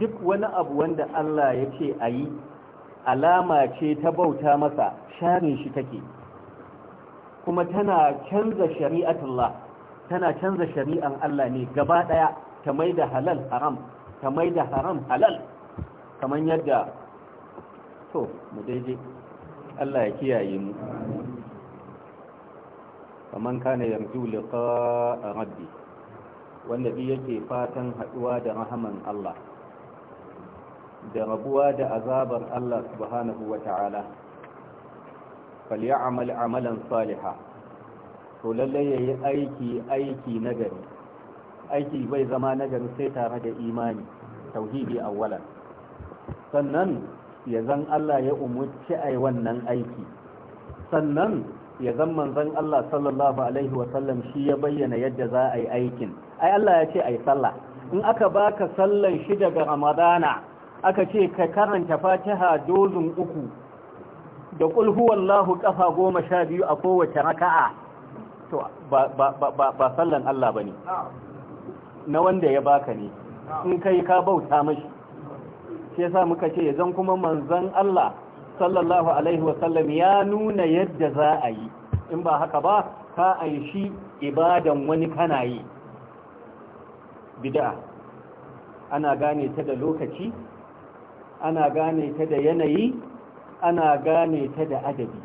duk wani abu wanda Allah ya ce a alama ce ta bauta masa sharin shi take kuma tana canza shari'atullah tana canza shari'an Allah ne gaba daya ta maida halal haram ta maida haram halal kamar yadda to mu daidai Allah ya kiyaye mu faman kana yarju liqa'a rabbi wanda bi ke fatan haɗuwa da rahaman Allah da rabuwa da azabar Allah subhanahu wata'ala falyamal amalan salihan to lalle yayi aiki aiki nagari aiki bai zama nagari sai tare da imani tauhidi awwalan sannan ya zan Allah ya umurci ai wannan aiki sannan ya zan manzan Allah sallallahu alaihi wasallam shi ya bayyana yadda za a yi aikin ai Allah ya ce yi sallah in aka baka sallan shi daga ramadana aka ce ka karanta fatiha dozin uku da kul ƙafa ƙafa goma sha biyu a kowace raka'a to ba sallan Allah ba ne. na wanda ya baka ne in kai ka bauta mashi Ya sa muka ce zan kuma manzan Allah sallallahu alaihi wasallam ya nuna yadda za a yi in ba haka ba ka an shi ibadan wani kana yi bid'a ana gane ta da lokaci ana gane ta da yanayi ana gane ta da adabi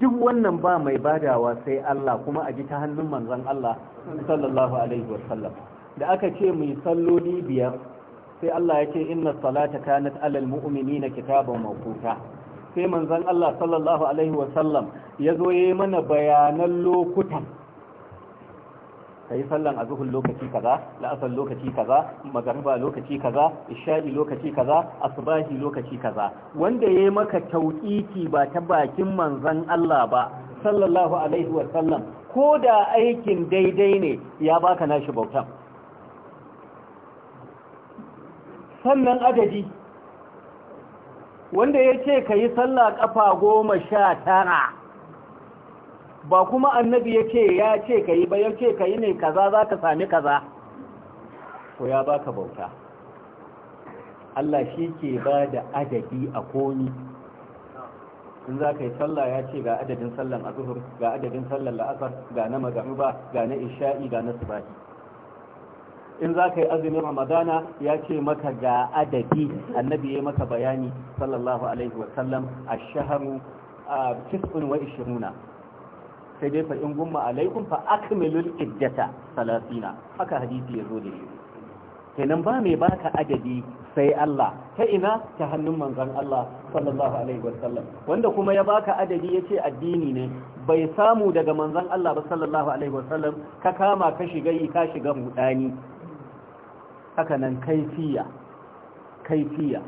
duk wannan ba mai badawa sai Allah kuma a ji ta hannun manzon Allah sallallahu alaihi wasallam da aka ce mai salloli biyar sai Allah ya ce inna salata kanat alal mu'minina kitaban mawquta sai manzon Allah sallallahu alaihi wa sallam yazo yayi mana bayanan lokutan kai sallan azhur lokaci kaza la'asar lokaci kaza magariba lokaci kaza isha'i lokaci kaza asbahi lokaci kaza wanda yayi maka tauqiti ba ta bakin manzon Allah ba sallallahu alaihi wa sallam ko da aikin daidai ne ya baka nashi bautan sannan adadi wanda ya ce ka yi sallah ƙafa goma sha tara ba kuma annabi ya ce ya ce ka yi ba ya ce ka yi ne kaza za ka sami kaza ko ya ba ka bauta Allah shi ke ba da adadi a komi in za ka yi sallah ya ce ga adadin sallan azuhur ga adadin tsallan la'asar ga na ba, ga na isha'i ga na subahi in za ka yi azumin ramadana ya ce maka ga adadi annabi ya maka bayani sallallahu alaihi wasallam a shaharu a cikin wa ishiruna sai dai fa'in gumma alaikun fa akmilul iddata salasina haka hadisi ya zo da shi kenan ba mai baka adadi sai Allah ta ina ta hannun manzon Allah sallallahu alaihi wasallam wanda kuma ya baka adadi yace addini ne bai samu daga manzon Allah ba sallallahu alaihi wasallam ka kama ka shiga yi ka shiga mudani haka nan kaifiya kaifiya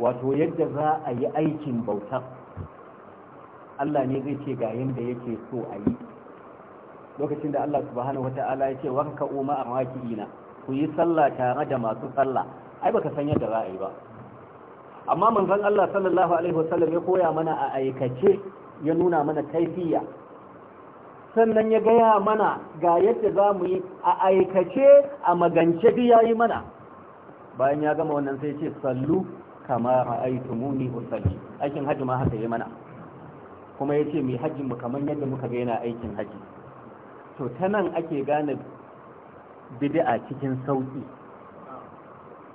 wato yadda za a yi aikin bautar Allah ne zai ce ga yadda yake so a yi lokacin da Allah subhanahu wata'ala ya ce wanka umma a waki'ina ku yi sallah tare da masu sallah ai baka san yadda za a yi ba amma manzon Allah sallallahu alaihi wasallam ya koya mana a aikace ya nuna mana kaifiya sannan ya gaya mana ga yadda za mu yi a aikace a magance ya yi mana bayan ya gama wannan sai ce sallu kama muni, usalli aikin hajji ma haka yi mana kuma ya ce mai hajji mu kamar yadda muka ga yana aikin haji. to ta nan ake gane bid'a cikin sauki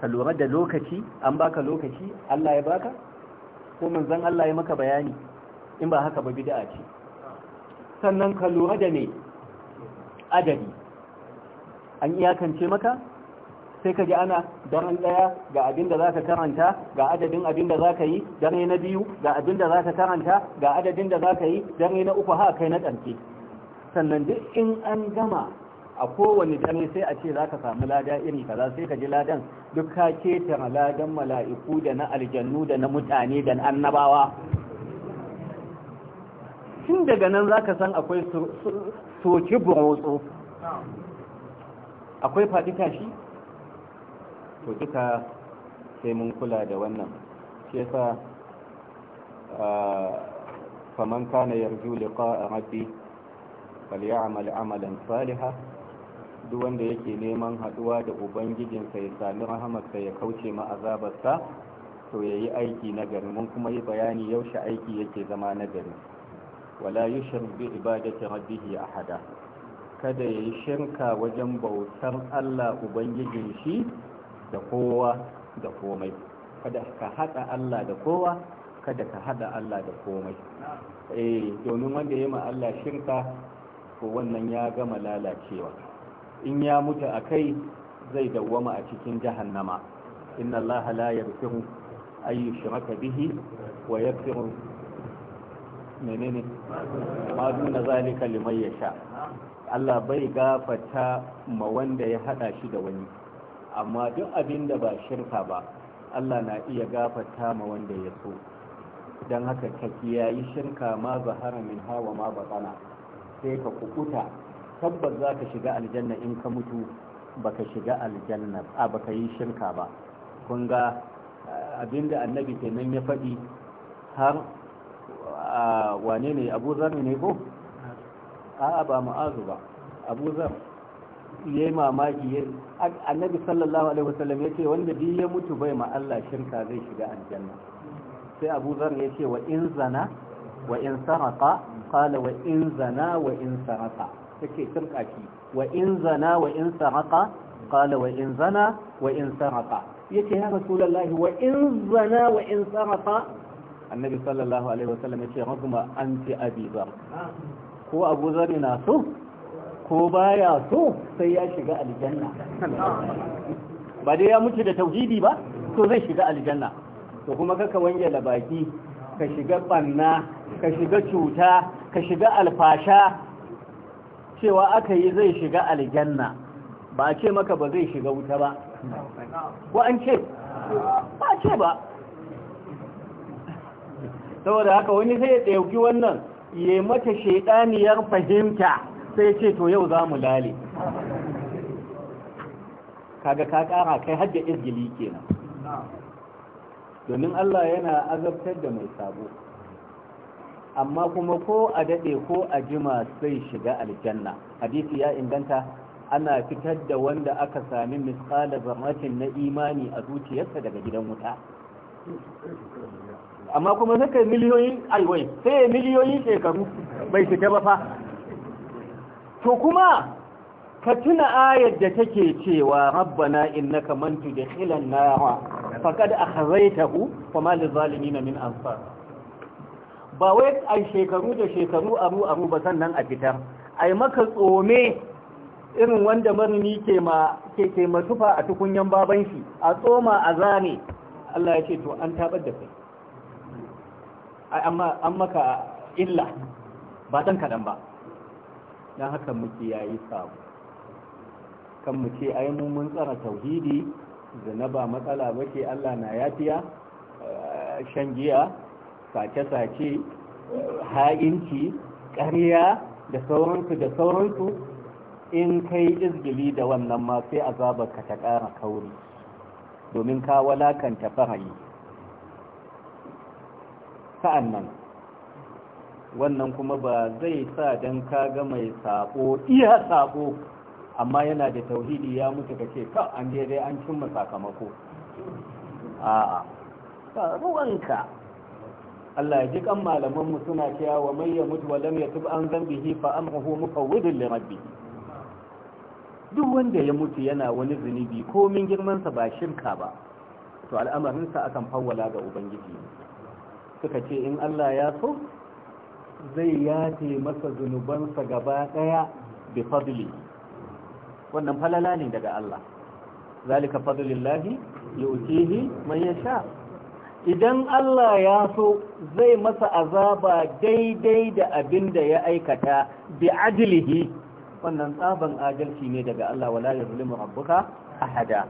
ka lura da lokaci an baka lokaci Allah ya baka ko manzon Allah ya maka bayani in ba haka ba bid'a ce sannan ka lura da ne adadi an iyakance maka sai ka ji ana daren daya ga abin da za ka karanta ga adadin abin da za ka yi dare na biyu ga abin da za ka karanta ga adadin da za ka yi dare na uku ha kai na ɗanke sannan duk in an gama a kowane dare sai a ce za ka samu lada iri kaza sai ka ji ladan duk ka ketara ladan mala'iku da na aljannu da na mutane da na annabawa tun daga nan za ka san akwai soke burotso akwai faɗi tashi to duka sai mun kula da wannan shi a faman kana yarju liqa'a rabbi falyamal amalan salihan duk wanda yake neman haduwa da ubangijinsa ya sami rahamarsa ya kauce ma azabarsa to yayi aiki gari mun kuma yi bayani yaushe aiki yake zama nagari wala yushrik bi ibadati rabbih ahada kada yayi shirka wajen bautar Allah ubangijin shi da kowa da komai kada ka hada Allah da kowa kada ka hada Allah da komai eh domin wanda ya ma Allah shirka ko wannan ya gama lalacewa in ya mutu a kai zai dawwama a cikin jahannama inna Allah la yaghfiru ay bihi wa yaghfiru menene ma duna zalika liman yasha Allah bai gafata ma wanda ya hada shi da wani amma duk abinda ba shirka ba Allah na iya gafata ma wanda ya so don haka ka kiyayi shirka ma zahara min hawa ma batsana sai ka kukuta tabbas za ka shiga aljanna in ka mutu baka shiga aljanna a baka yi shirka ba kun ga abinda annabi kenan ya faɗi har wane ne abu zar ne ko a'a ba ma'azu ba abu zar ya yi mamaki annabi sallallahu alaihi wasallam ya ce wanda biyu ya mutu bai ma Allah shirka zai shiga aljanna sai abu zar ya ce wa in zana wa in saraka qala wa in zana wa in saraka take shirka ki wa in zana wa in saraka qala wa in zana wa in Ya ce ya rasu lallahi wa in zana wa in saraka annabi sallallahu alaihi wasallam yace ragma an abi zar ko abu zar na so ko baya so sai ya shiga aljanna ba dai ya mutu da tauhidi ba to zai shiga aljanna to kuma kaka wange labaki ka shiga banna ka shiga cuta ka shiga alfasha cewa aka yi zai shiga aljanna ba a ce maka ba zai shiga wuta ba ko an ce ba a ce ba saboda haka wani sai ya ɗauki wannan ya mata shaidaniyar fahimta sai ce to yau za mu lale kaga ka kara kai hajja izgili kenan domin Allah yana azabtar da mai sabo amma kuma ko a daɗe ko a jima sai shiga aljanna hadisi ya inganta ana fitar da wanda aka sami misqala zarratin na imani a zuciyarsa daga gidan wuta amma kuma suka kai miliyoyin alwai sai miliyoyin shekaru bai fita ba fa to kuma ka tuna ayar da take cewa rabbana innaka man tudkhilan fa faqad akhzaytahu fama lizalimin min ansar ba wai a shekaru da shekaru abu abu ba sannan a fitar ai maka tsome irin wanda marini ke ma ke a tukunyan baban shi a tsoma a zane Allah ya ce to an tabar da kai an maka illa ba ɗan kaɗan ba Na haka muke yayi samu kan muke ce ai mun mun tsara tauhidi zina ba matsala ba ke allah na yafiya eh, shan giya sace-sace eh, ha'inci ƙarya da sauransu da sauransu in kai izgili da wannan ma sai ka ta ƙara kauri domin ka walakanta farayi sa'an nan wannan kuma ba zai sa don kaga mai sabo iya sabo amma yana da tauhidi ya mutu ka ce ka an daidai an cimma sakamako a'a ruwanka Allah ya ji kan malamanmu suna cewa wa mai ya mutu wa lam yatub an zambihi fa amruhu mufawwidun li rabbi duk wanda ya mutu yana wani zunubi ko min girman ba shirka ba to al'amarin sa akan fawwala ga ubangiji ne suka ce in Allah ya so zai yafe masa zunubansa gaba daya bi fadli wannan falala ne daga Allah zalika fadlillahi yu'tihi man yasha idan Allah ya so zai masa azaba daidai da abinda ya aikata bi ajlihi wannan tsaban adalci ne daga Allah wala yuzlimu rabbuka ahada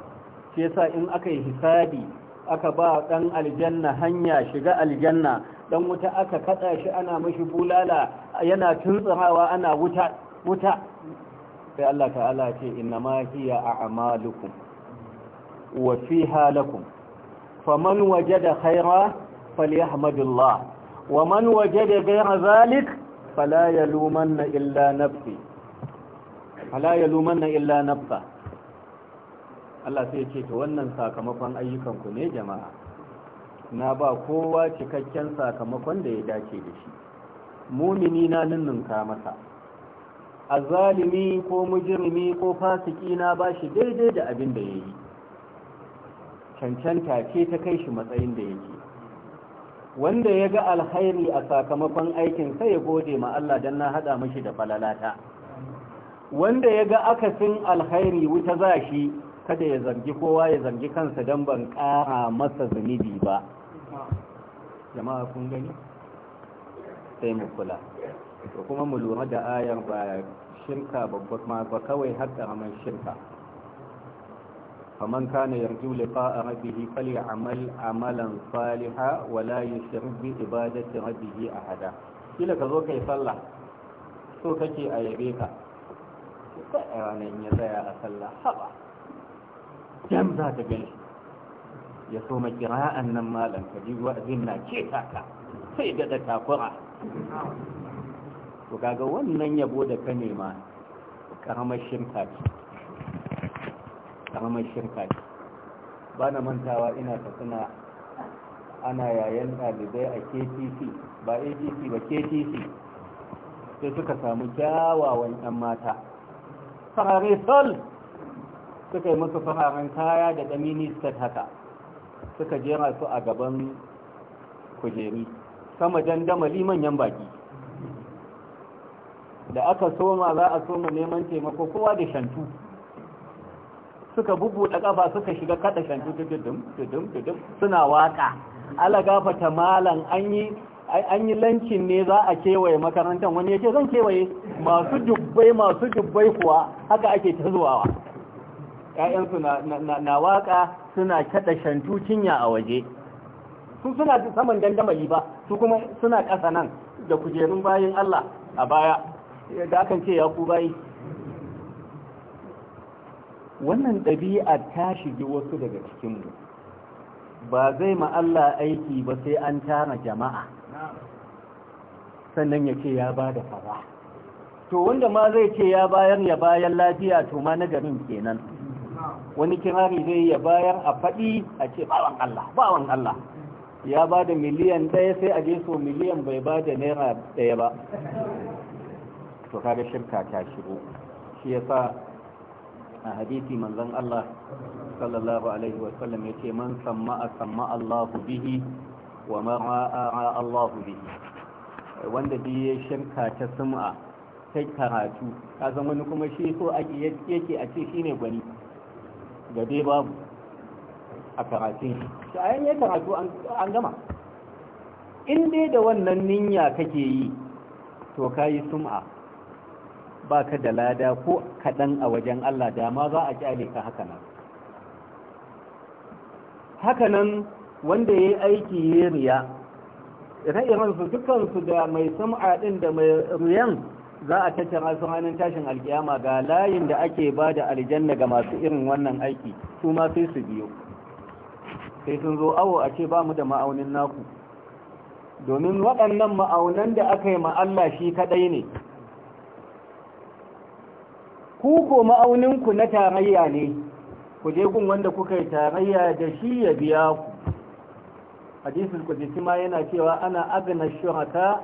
shi yasa in aka yi hisabi aka ba ɗan aljanna hanya shiga aljanna ɗan wuta aka kaɗa shi ana mashi bulala yana tuntsirawa ana wuta wuta sai Allah ta'ala ce inna ma hiya a'malukum wa fiha lakum faman wajada khaira falyahmadullah wa man wajada ghayra zalik fala yalumanna illa nafsi fala yalumanna illa nafsa Allah sai ya ce ta wannan sakamakon ayyukanku ne jama'a na ba kowa cikakken sakamakon da ya dace da shi mumini na ninninka masa azalimi ko mujirmi ko fasiki na ba shi daidai da abin da ya yi cancanta ce ta kai shi matsayin da yake wanda ya ga alhairi a sakamakon aikin sai ya gode ma Allah don na haɗa mashi da falalata wanda ya ga akasin alhairi wuta za shi kada ya zargi kowa ya zargi kansa don ban ƙara masa zunubi ba jama'a kun gani sai mu kula to kuma mu lura da ayar ba shirka ma ba kawai har ƙaramin shirka فمن كان يرجو لقاء ربه فليعمل عملا صالحا yushrik bi ibadati rabbihi ahada kila ka zo kai sallah so kake a yabe ka sai ya tsaya a sallah haba dan za ka gani ya so ma kira'an nan malam ka ji wa'azin na ce ka sai da da takura to kaga wannan yabo da ka nema karamar shirka ce karamar ba na mantawa ina ta suna ana yayan ɗalibai a ktc ba atc ba ktc sai suka samu kyawawan 'yan mata Sarari sol suka yi masa fararen kaya da ɗan ministan haka suka jera su a gaban kujeri sama dandamali manyan baki da aka soma za a soma neman taimako kowa da shantu suka bubuɗa ƙafa suka shiga kaɗa shantu dudum dudum tudum suna waƙa ala gafata malan an yi an yi lancin ne za a kewaye makarantar wani ya ce zan kewaye masu dubbai masu dubbai kuwa haka ake ta zuwawa ƴaƴansu na waƙa suna kaɗa shantu cinya a waje su suna saman dandamali ba su kuma suna ƙasa nan da kujerun bayan Allah a baya da akan ce ya ku bayi wannan ɗabi'a ta shige wasu daga cikinmu ba zai ma Allah aiki ba sai an tara jama'a sannan ya ce ya ba da fara to wanda ma zai ce ya bayan ya bayan lafiya to ma nagarin kenan wani kirari zai ya bayar a faɗi a ce bawan Allah bawan Allah ya ba da miliyan ɗaya sai a je so miliyan bai ba da naira ɗaya ba to kada shirka ta shigo shi sa a hadisi manzon Allah sallallahu alaihi wasallam yace man samma samma Allahu bihi wa ma ra'a Allahu bihi wanda bi ya shirka ta sum'a sai karatu kasan wani kuma shi so ake yake a ce shine gwani ga babu a karatun shi a yan karatu an gama in dai da wannan ninya kake yi to ka yi sum'a ba ka da lada ko kaɗan a wajen Allah dama za a kyale ka hakanan hakanan wanda ya yi aiki ya riya ire dukansu da mai sum'a ɗin da mai riyan za a tattara su ranar tashin alkiyama ga layin da ake ba da aljanna ga masu irin wannan aiki su ma sai su biyo sai sun zo awo a ce ba mu da ma'aunin naku domin waɗannan ma'aunan da aka yi ma'alla shi kaɗai ne ku ko ma'auninku na tarayya ne ku je gun wanda kuka yi tarayya da shi ya biya ku hadisul kudisi ma yana cewa ana agna shuraka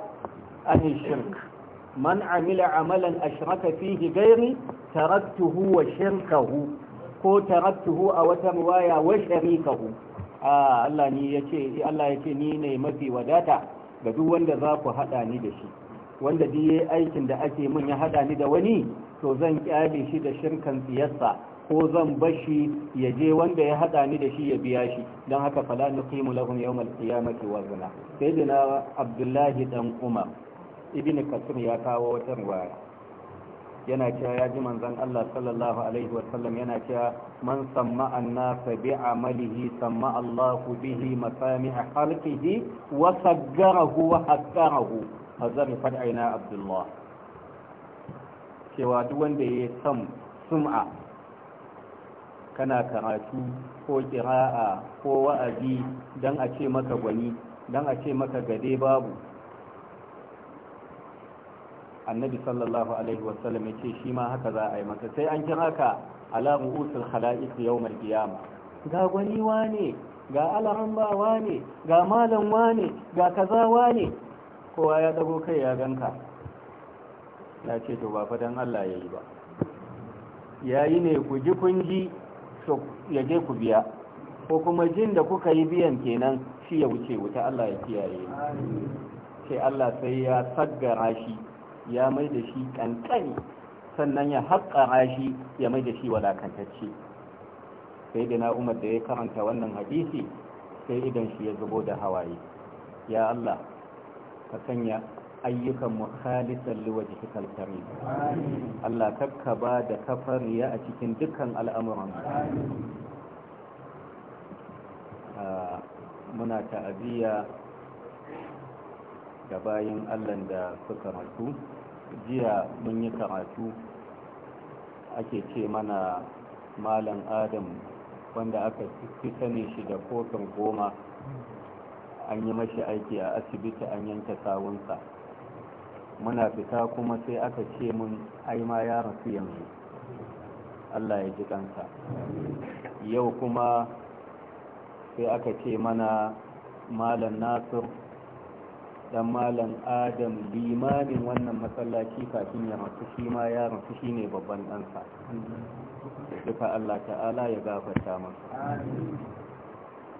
an shirka. man amila amalan ashraka fihi gairi taraktuhu wa shirkahu ko taraktuhu a wata riwaya wa sharikahu Allah ni yace Allah yace ni ne mafi wadata ga duk wanda za ku hada ni da shi wanda duk yayi aikin da ake mun ya hada ni da wani to zan kyale shi da shirkan siyasa ko zan bashi ya je wanda ya hada ni da shi ya biya shi don haka fala nuqimu lahum yawmal qiyamati wazna sayyidina abdullahi dan umar ibn kasir ya kawo wata ruwaya yana cewa ya ji manzon Allah sallallahu alaihi wa sallam yana cewa man samma annasa bi amalihi samma Allah bihi masami khalqihi wa saggarahu wa hakkarahu hazan fadaina Abdullah cewa duk wanda ya sam sum'a kana karatu ko kira'a ko wa'azi dan a ce maka gwani dan a ce maka gade babu annabi sallallahu alaihi wasallam ya ce shi ma haka za a yi maka sai an kira ka alamu usul khala'iq yawmal qiyama ga gwani wane ga alaran ba ne ga malam wane ga kaza wane kowa ya dago kai ya ganka ya ce to ba fadan Allah ya yi ba yayi ne ku ji kun ji ya je ku biya ko kuma jin da kuka yi biyan kenan shi ya wuce wuta Allah ya kiyaye sai Allah sai ya saggara shi ya mai da shi kankani sannan ya haƙa shi ya mai da shi walakantacce sai da na umar da ya karanta wannan hadisi sai idan shi ya zubo da hawaye ya Allah ka sanya ayyukan mu khalisan liwaji fikal Allah ka ba da kafariya a cikin dukkan al'amuran ah, muna ta'aziyya da bayan Allah da suka rasu jiya mun yi karatu ake ce mana malam adam wanda aka fi sani shi da kofin goma an yi mashi aiki a asibiti an yanke sawunsa muna fita kuma sai aka ce mun ai ma ya rasu yanzu allah ya ji kansa yau kuma sai aka ce mana malam nasir dan malam adam limamin wannan masallaci kafin ya rasu shi ma ya rasu shi ne babban ɗansa duka Allah ta'ala ya gafarta masa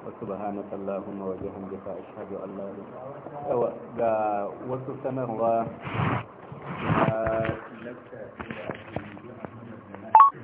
wasu bahana sallahun waje hamdika a shaɗu Allah ga wasu sanarwa na lakta